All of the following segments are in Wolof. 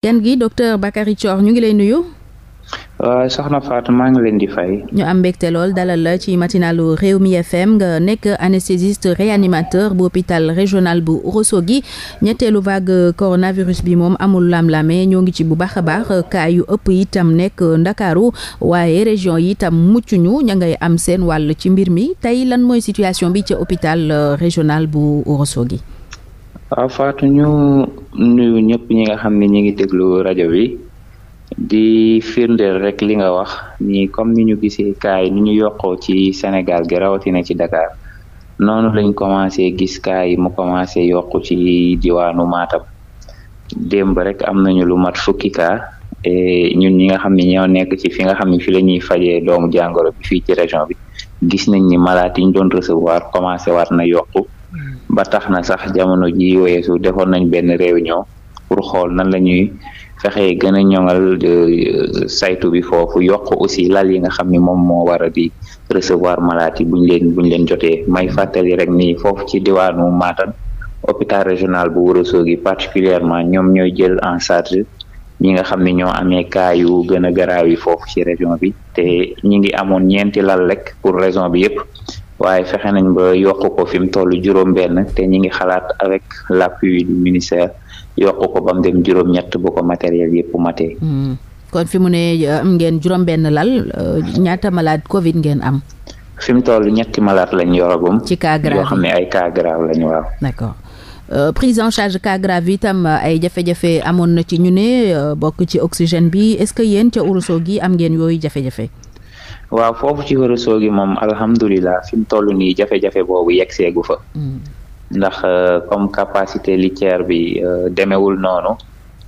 gan gi docteur Bakary ñu ngi lay nuyu waaw soxna Fatou maa ngi leen di fay. ñu am mbégte lool dalal la ci matinalu Rewmi FM nga nekk anesthésiste réanimateur bu hôpital régional bu gi ñetteelu vague coronavirus bi moom amul lam-lame ñoo ngi ci bu baax a baax cas yu ëpp itam nekk Ndakaaru waaye région yi itam mucc ñu ña ngay am seen wàll ci mbir mi tey lan mooy situation bi ci hôpital régional bu gi waaw Fatou ñu nuyu ñëpp ñi nga xam ne ñu ngi déglu rajo bi di firndeel rek li nga wax ni comme ni ñu gisee kaay ni ñu yokkoo ci Sénégal gi rawatina ci Dakar noonu lañ commencé gis kaay yi mu commencé yokku ci diwaanu Matam démb rek am nañu lu mat fukki e ñun ñi nga xam ne ñoo nekk ci fi nga xam ne fi la ñuy fajee doomu jàngoro fii ci région bi gis nañ ni malade yi ñu doon recevoir commencé waat na yokku. ba tax na sax jamono ji weesu defoon nañ benn réunion pour xool nan la ñuy fexee gën a ñoŋal euh, saytu bi foofu yokk aussi lal yi nga xam ni moom moo war a di recevoir malati yi buñ leen buñ leen jotee may fàttali rek nii foofu ci diwaanu Matam hôpital régional bu Ouro Sogui particulièrement ñoom ñooy jël en charge ñi nga xam ni ñoo amee cas yu gën a garaaw yi foofu ci région bi te ñi ngi amoon ñeenti lal rek pour raison bi yëpp waaye fexe nañ ba yokk ko fi mu toll juróom-benn te ñi ngi xalaat avec l'appui du ministère yokk ko ba mu dem juróom-ñett bu ko matériel yëpp matee. Hmm. kon fi mu ne euh, am ngeen juróom-benn lal euh, ñaata malade Covid ngeen am. fi mu toll ñetti malade lañ yoragum. ci cas grave yoo xam ne ay cas grave lañ waaw. d'accord. Euh, prise en charge cas grave itam euh, ay jafe-jafe amoon na ci ñu ne bokk ci oxygène bi est-ce que yéen ca Ourossogui am ngeen yooyu jafe-jafe. waaw foofu ci Wuro Sogi moom alhamdulilah fi mu toll nii jafe-jafe boobu yegg seegu fa. Hmm. ndax euh, comme capacité litière bi euh, demewul noonu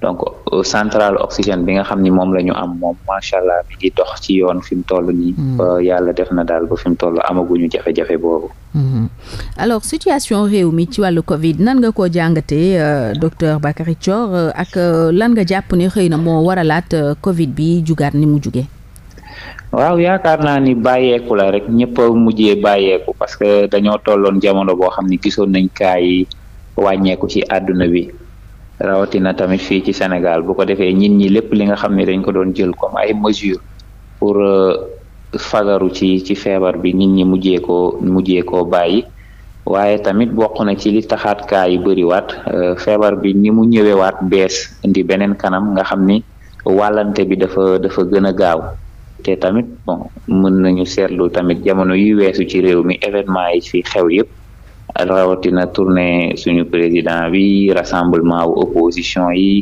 donc euh, centrale oxygène bi nga xam ni moom la ñu am moom macha allah mi ngi dox ci yoon fi mu toll nii. Hmm. yàlla def na daal ba fi mu toll amaguñu jafe-jafe boobu. Hmm. alors situation réew mi ci wàllu Covid nan nga ko jàngatee docteur Bakary Thior ak lan nga jàpp ne xëy na moo waralaat Covid bi jugaat ni mu jugee. waaw yaakaar naa ni bàyyeeku la rek ñëpp a mujjee bàyyeeku parce que dañoo tolloon jamono boo xam ni gisoon nañ kaa yi wàññeeku ci àdduna bi rawatina tamit fii ci Sénégal bu ko defee ñit ñi lépp li nga xam ni dañ ko doon jël comme ay mesures pour euh, fagaru ci ci feebar bi nit ñi mujjee koo bàyyi waaye tamit bokk na ci li taxaat kaa yi bëriwaat euh, feebar bi ni mu ñëwewaat bees ndi beneen kanam nga xam ni wàllante bi dafa dafa gën a gaaw te tamit bon mën nañu seetlu tamit jamono yi weesu ci réew mi événement yi fi xew yëpp rawatina tournée suñu président bi rassemblement wu opposition yi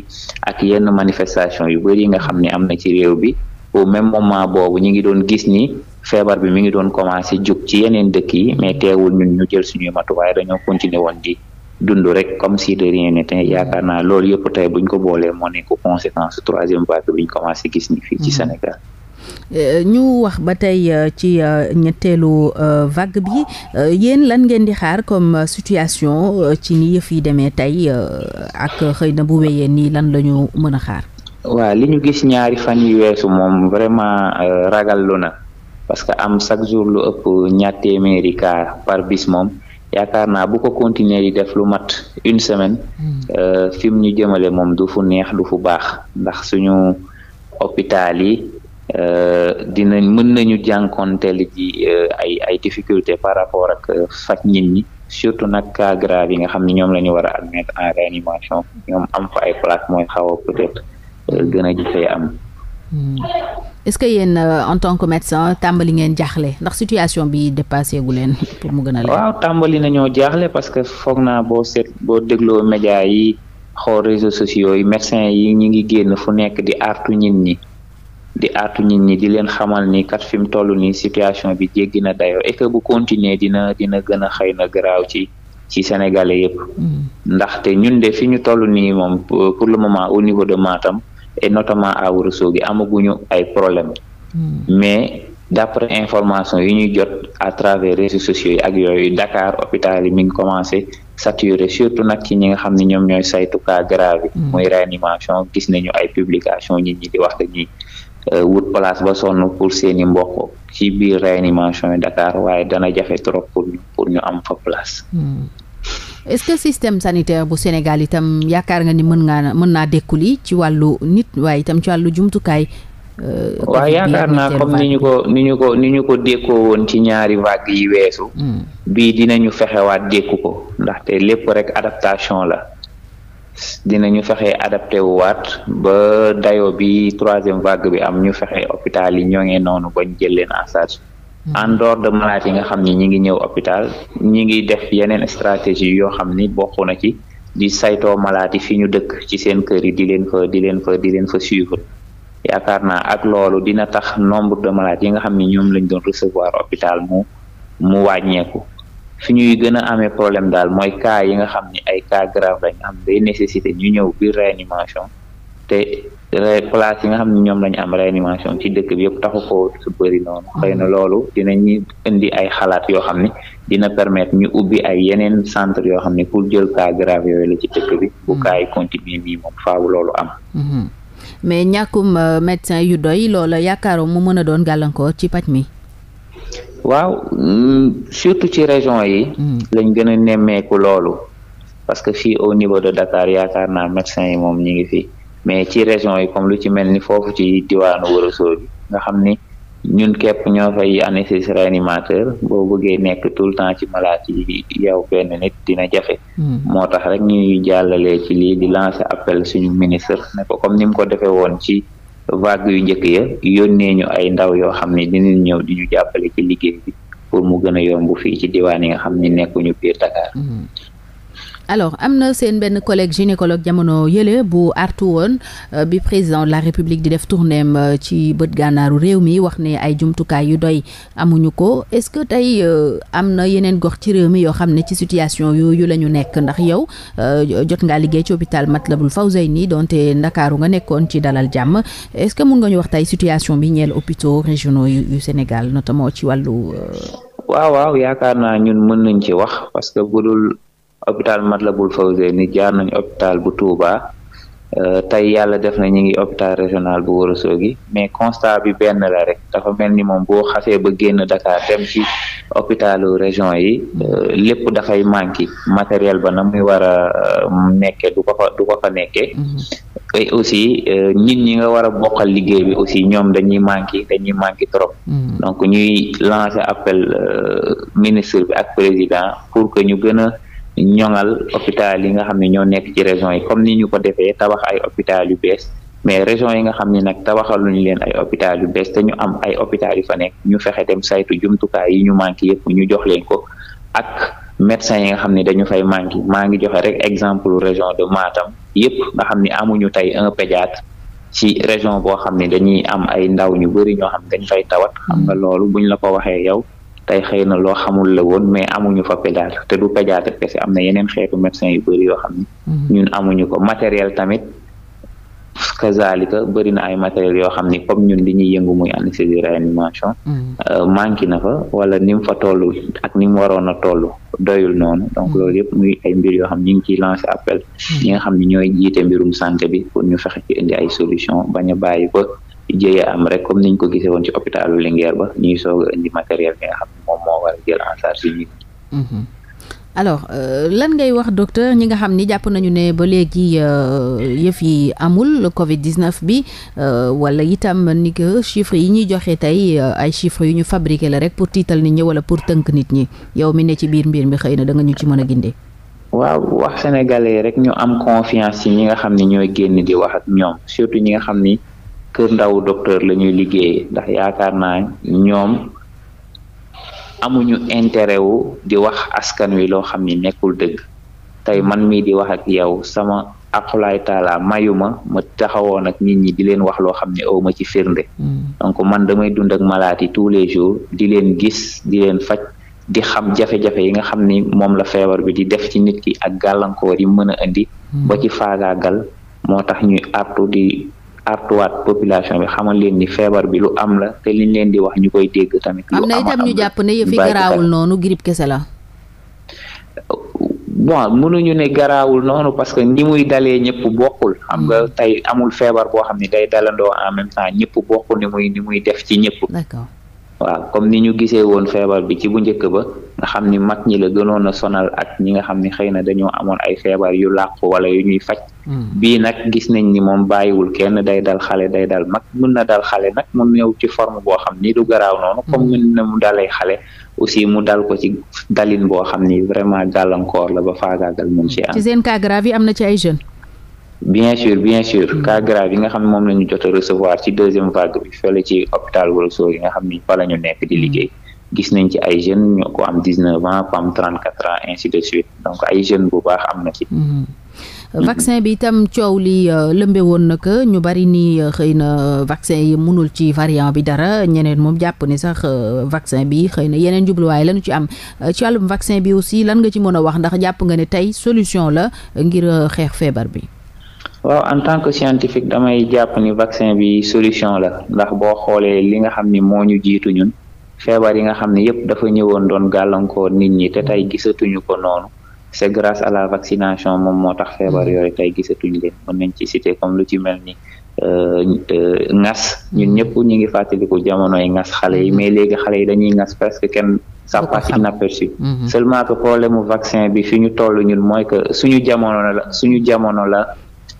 ak yenn manifestation yu bëri yi nga xam ne am na ci réew bi au même moment boobu ñu ngi doon gis ni feebar bi mu ngi doon commencé jug ci yeneen dëkk yi mais teewul ñun ñu jël suñuy matuwaay dañoo continuer woon di dund rek comme si de rien n'était yaakaar naa loolu yëpp tey buñ ko boolee moo nekk conséquence troisième vague bi ñu commencé gis ni ci mm-hmm. Sénégal Euh, ñu wax ba tey euh, ci euh, ñetteelu vague bi yéen lan ngeen di xaar comme situation ci ni yëf yi demee tey ak xëy na bu wéyee nii lan la ñu mën a xaar. waaw li ñu gis ñaari fan yu weesu moom vraiment ragal lu na parce que am chaque jour lu ëpp ñaar téeméeri par bis moom yaakaar naa bu ko continuer di def lu mat une semaine hmm. fi mu ñu jëmale moom du fu neex du fu baax ndax suñu hôpital yi Euh, dina mën nañu jànkonteel ji euh, ay ay difficulté par rapport ak euh, faj nit ñi surtout nag cas grave yi nga xam ni ñoom la ñu war a admettre en réanimation ñoom am fa ay place mooy xaw a peut-être gën a jafee am hmm. est-ce que yéen en tant que médecin tàmbali ngeen jaaxle ndax situation bi dépassé gu leen pour mu gën a. waaw tàmbali nañoo jaaxle parce que foog naa boo seet boo dégloo média yi xool réseaux sociaux yi médecins yi ñu ngi génn fu nekk di artu nit ñi. di aatu nit ñi di leen xamal ni kat fi mu toll nii situation bi jéggi na dayoo e que bu continuer dina dina gën a xëy na garaaw ci ci sénégalais yëpp. Mm. ndaxte ñun de fi ñu toll nii moom pour le moment au niveau de maatam et notamment à Ourossogui amaguñu ay problème mm. mais d'après information yi ñuy jot à travers réseaux sociaux yi ak yooyu Dakar hôpital yi mi ngi commencé saturé surtout nag ci ñi nga xam ni ñoom ñooy saytu cas grave mooy mm. muy réanimation gis nañu ay publication nit ñi di wax dañuy. Euh, wut place ba sonn pour seeni mbokk ci biir réanimation yi Dakar waaye dana jafe trop pour ñu pour ñu am fa place. Hmm. est-ce que système sanitaire bu Sénégal itam yaakaar nga ni mën ngaa mën naa dékku lii ci wàllu nit waaye itam ci wàllu jumtukaay. Euh, waaw yaakaar naa comme ni ñu ko ni ñu ko ni ñu ko dékkoo woon ci ñaari vague yi weesu. Hmm. bii dinañu fexewaat dékku ko ndaxte lépp rek adaptation la. dinañu fexe adapté wu waat ba dayoo bi troisième vague bi am ñu fexe hôpital yi ñoo ngi noonu bañ jël leen en charge hmm. en dehors de malade yi nga xam ni ñi ngi ñëw hôpital ñi ngi def yeneen stratégie yoo xam ni bokk na ci di saytoo malade yi fi ñu dëkk ci seen kër yi di leen fa di leen fa di leen fa suivre yaakaar naa ak loolu dina tax nombre de malades yi nga xam ni ñoom lañ doon recevoir hôpital mu mu wàññeeku fi ñuy gën a amee problème daal mooy cas yi nga xam ni ay cas grave lañ am day nécessité ñu ñëw biir réanimation te place yi nga xam ne ñoom lañu am réanimation ci dëkk bi yëpp taxu ko su bëri noonu xëy na loolu dinañu indi ay xalaat yoo xam ne dina permettre ñu ubbi ay yeneen centre yoo xam ne pour jël cas grave yooyu la ci dëkk bi mm-hmm. bu cas yi continuer nii moom faaw loolu am mm-hmm. mais ñàkkum euh, médecin yu doy loola yaakaaroon mu mën a doon gàllankoor ci paj mi waaw mm, surtout ci région yi. Mm. lañ gën a nemmeeku loolu parce que fii au niveau de Dakar yaakaar naa médecin yi moom ñu ngi fi mais ci région yi comme lu ci mel ni foofu ci diwaanu Ourossogui bi nga xam ni ñun képp ñoo fay anesthésiste animateur boo bëggee nekk tout le temps ci malade yi yow benn nit dina jafe. Mm. moo tax rek ñuy jàllalee ci lii di lancer appel suñu ministre ne ko comme ni mu ko defee woon ci. vague yu njëkk ya yónnee ñu ay ndaw yoo xam ne dinañ ñëw di ñu jàppale ci liggéey bi pour mu gën a yomb fii ci diwaan yi nga xam ne nekkuñu biir Dakar. Mm-hmm. alors am na seen benn collègue gynécologue jamono yële bu artu woon euh, bi président de la république di def tournéem euh, ci bët gànnaaru réew mi wax ne ay jumtukaay yu doy amuñu ko est-ce que tey euh, am na yeneen gox ci réew mi yoo xam ne ci situation yooyu la ñu nekk ndax yow jot ngaa liggéey ci hôpital Matlaboul Fawzeyni donte ndakaaru nga nekkoon ci dalal jàmm est-ce que mun nga ñu wax tey situation bi ñeel hôpitaux régionaux yu Sénégal notamment ci wàllu. waaw waaw yaakaar naa ñun mën nañ ci wax parce que budul hôpital Matlaboul Fawzeyni jaar nañ hôpital bu Touba euh, tey yàlla def na ñu ngi hôpital régional bu Ourossogui mais constat bi benn la rek dafa mel ni moom boo xasee ba génn Dakar dem ci hôpitalu région yi euh, lépp dafay manqué matériel ba na muy war a euh, nekkee du ko fa du ko mm-hmm. aussi nit ñi nga war a bokkal liggéey bi aussi ñoom dañuy manqué dañuy manqué trop mm-hmm. donc ñuy lancer appel ministre bi ak président pour que ñu gën ñoŋal hôpital yi nga xam ne ñoo nekk ci région yi comme ni ñu ko defee tabax ay hôpital yu bees mais région yi nga xam ni nag tabaxaluñu leen ay hôpital yu bees te ñu am ay hôpital yu fa nekk ñu fexe dem saytu jumtukaay yi ñu manqué yëpp ñu jox leen ko ak médecin yi nga xam ni dañu fay manqué maa ngi joxe rek exemple région de maatam yëpp nga xam ni amuñu tey un pédiatre ci région boo xam ni dañuy am ay ndaw ñu bëri ñoo xam ne fay tawat xam nga hmm. loolu buñ la ko waxee yow tey xëy na loo xamul la woon mais amuñu fa pédiatre te du pédiatre am na yeneen xeetu médecin yu yo yoo xam ni mhm. ñun amuñu ko matériel tamit kazalika bëri na ay matériel yoo xam ni comme ñun li ñuy yëngu muy anesthésie réanimation mhm. euh, manqué na fa wala ni mu fa toll ak ni mu waroon a toll doyul noonu donc mhm. loolu yëpp muy ay mbir yoo xam ñu ngi ciy lancé appel ñi xam ni ñooy jiite mbirum santé bi pour ñu fexe ci indi ay solution bañ a bàyyi jéye am rek comme niñ ko gisee woon ci hôpitalu Linguère ba ñuy soog a indi matériel bi nga xam ne moom moo mhm. euh, lan ngay wax docteur ñi nga xam ni jàpp nañu ne ba léegi euh, yëf yi amul Covid 19 bi euh, wala itam ni que chiffres yi ñuy joxe tey ay chiffres yu ñu fabriqué la rek pour tiital nit ñi wala pour tënk nit ñi yow mi ne ci biir mbir mi xëy na danga ñu ci mën a gindee. waaw wax sénégalais rek ñu am confiance ci ñi nga xam ni ñooy génn di wax ak ñoom surtout ñi nga xam ni. kër ndaw docteur la ñuy liggéeyee ndax yaakaar naa ñoom amuñu intérêt wu di wax askan wi loo xam ni nekkul dëgg tey man mi di wax ak yow sama akulaay taala mayu ma taxawoon ak nit ñi di leen wax loo xam ne awma ci firnde hmm. donc man damay dund ak malaat yi tous les jours di leen gis di leen faj di xam jafe-jafe yi nga xam ni moom la feebar bi di def ci nit ki ak gàllankoor yi mën a indi hmm. ba ci faagaagal moo tax ñuy artu di artuwaat population bi xamal leen ni feebar bi lu am la te liñ leen di wax ñu koy dégg tamit. lu am na itam ñu jàpp ne yëfi garaawul noonu grippe kese la. bon mënuñu ne garaawul noonu parce que ni muy dalee ñëpp bokkul xam nga hmm. tey amul feebar boo xam ne day dalandoo en même temps ñëpp bokkul ni muy ni muy def ci ñëpp. d'accord waaw comme ni ñu gisee woon feebar bi ci bu njëkk ba. nga xam ni mag ñi la gënoon a sonal ak ñi nga xam ni xëy na dañoo amoon ay feebar yu làqu wala yu ñuy faj. Hmm. bii nag gis nañ ni moom bàyyiwul kenn day dal xale day dal mag mën na dal xale nag mu néew ci forme boo xam ni du garaaw noonu. comme mën hmm. na mu dalee xale. aussi mu dal ko ci dalin boo xam ni vraiment gàllankoor la ba faagaagal mun ci am. Hmm. ci seen cas na ci ay jeunes. bien sûr bien sûr cas grave nga xam ne moom la ñu jot a recevoir ci deuxième vague bi fële ci hôpital Ourossogui yi nga xam ni fa la ñu nekk di liggéey. gis nañ ci ay jeunes ñu ko am dix neuf ans ko am trente quatre ans ainsi donc ay jeunes bu baax am na ci. Mhm. Mhm. vaccin bi itam coow li euh, lëmbe woon na que ñu bari nii euh, xëy na euh, vaccin yi mënul ci variant bi dara ñeneen moom jàpp ni sax vaccin bi xëy na yeneen jubluwaay lañu ci am ci wàllum vaccin bi aussi lan nga ci mën a wax ndax jàpp nga ne tey solution la ngir xeex feebar bi. waaw en tant que scientifique damay jàpp ni vaccin bi solution la ndax boo xoolee li nga xam ni moo ñu jiitu ñun. feebar yi nga xam ne yépp dafa ñëwoon doon gàllankoor nit ñi te mm. tey gisatuñu ko noonu c'est grâce à la vaccination moom moo tax feebar mm. yooyu tey gisatuñu leen mën nañ ci site comme lu ci mel ni euh, euh, ngas ñun mm. ñëpp ñu ngi fàttaliku jamonoy ngas xale yi mais léegi xale yi dañuy ngas presque kenn ça passe inaperçu mm-hmm. seulement que problème mu vaccin bi fi ñu toll ñun mooy que suñu jamono la suñu jamono la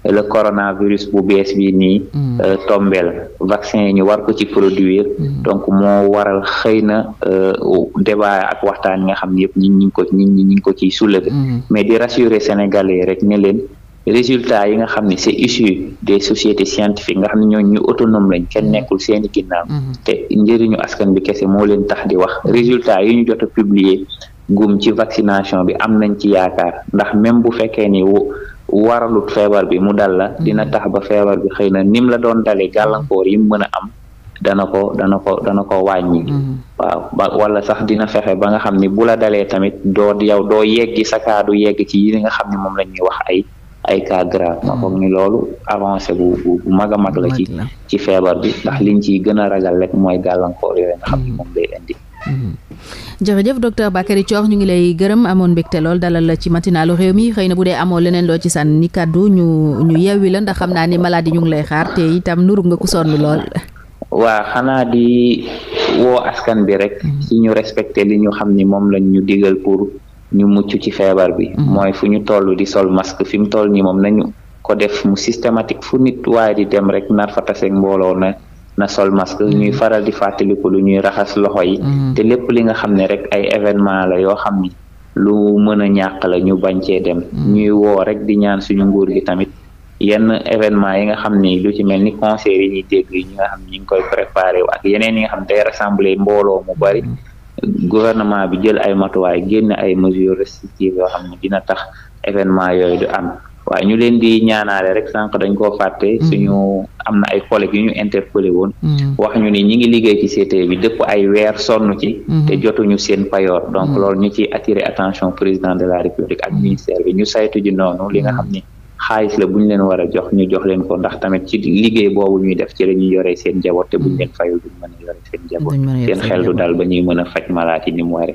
le coronavirus bu bees bi nii mm. euh, tombeel vaccin yi ñu war ko ci produire mm. donc moo waral xëy na euh, débat ak waxtaan yi nga xam ne yëpp ñi ñi ko ñi ñi ngi ko ciy soulever mm. mais di rassurer sénégalais rek ne leen résultat yi nga xam ne c'est issu des sociétés scientifiques nga xam ne ñooñu ñu autonome lañ kenn nekkul seeni ginnaaw mm-hmm. te njëriñu askan bi kese moo leen tax di wax résultat yi ñu jot publier gum ci vaccination bi am nañ ci yaakaar ndax même bu fekkee ni waralut feebar bi mu dal la mm. dina tax ba feebar bi xëy na nim la doon dalee gàllankoor yi mu mën a am dana ko dana ko dana ko wàññi. Mm-hmm. waaw ba wala sax dina fexe ba nga xam ni bu la dalee tamit doo yow doo yeggi sa yegg ci yi nga xam ne moom la ñuy wax ay ay cas grave ma foog ni mm. loolu avancé bu bu mag a mag la ci ci feebar bi ndax liñ ciy gën a ragal rek mooy gàllankoor yooyu nga xam ni mm. moom lay indi Mm-hmm. jërëjëf docteur Bakary Thior ñu ngi lay gërëm amoon mbégte lool dalal la ci matinalu réew mi xëy na bu dee amoo leneen loo ci sànni kàddu ñu ñu yeewi la ndax xam naa ni maladie ñu ngi lay xaar te itam nuru nga ku sonn lool. waa xanaa di woo askan bi rek. Mm-hmm. ci ñu respecté li ñu xam ni moom lañ ñu digal pour ñu mucc ci feebar bi. Mm-hmm. mooy fu ñu toll di sol masque fi mu toll nii moom nañu ko def mu systématique fu nit waaye di dem rek nar fa taseeg mbooloo na. na sol masque mm-hmm. ñuy faral di fàttaliku lu ñuy raxas loxo yi. Mm-hmm. te lépp li nga xam ne rek ay événement la yoo xam ni lu mën a ñàkk la ñu bañ cee dem. Mm-hmm. ñuy woo rek di ñaan suñu nguur gi tamit yenn événement yi nga xam ni lu ci mel ni concert yi ñuy dégg yi nga xam ni ñu koy préparé wu ak yeneen yi nga xam day rassembler mbooloo mu bari. gouvernement bi jël ay matuwaay génn ay mesures restrictives yoo xam ne dina tax événement yooyu du am. waaye ñu leen di ñaanaale rek sànq dañ koo fàtte. Mm-hmm. suñu am na ay collègues yu ñu interpellé woon. Mm-hmm. wax ñu ni ñi ngi liggéey ci CTE bi dëpp ay weer sonn ci. Mm-hmm. te jotuñu seen payoor donc loolu ñu ci attirer attention président de la république ak ministère bi ñu saytu ji noonu li nga xam ni. xaalis la buñ leen war a jox ñu jox leen ko ndax tamit ci liggéey boobu ñuy def ci la ñuy yoree seen njaboot te bu ñu leen fayul duñ mën a yore seen njaboot ba ñuy mën a faj malaat yi ni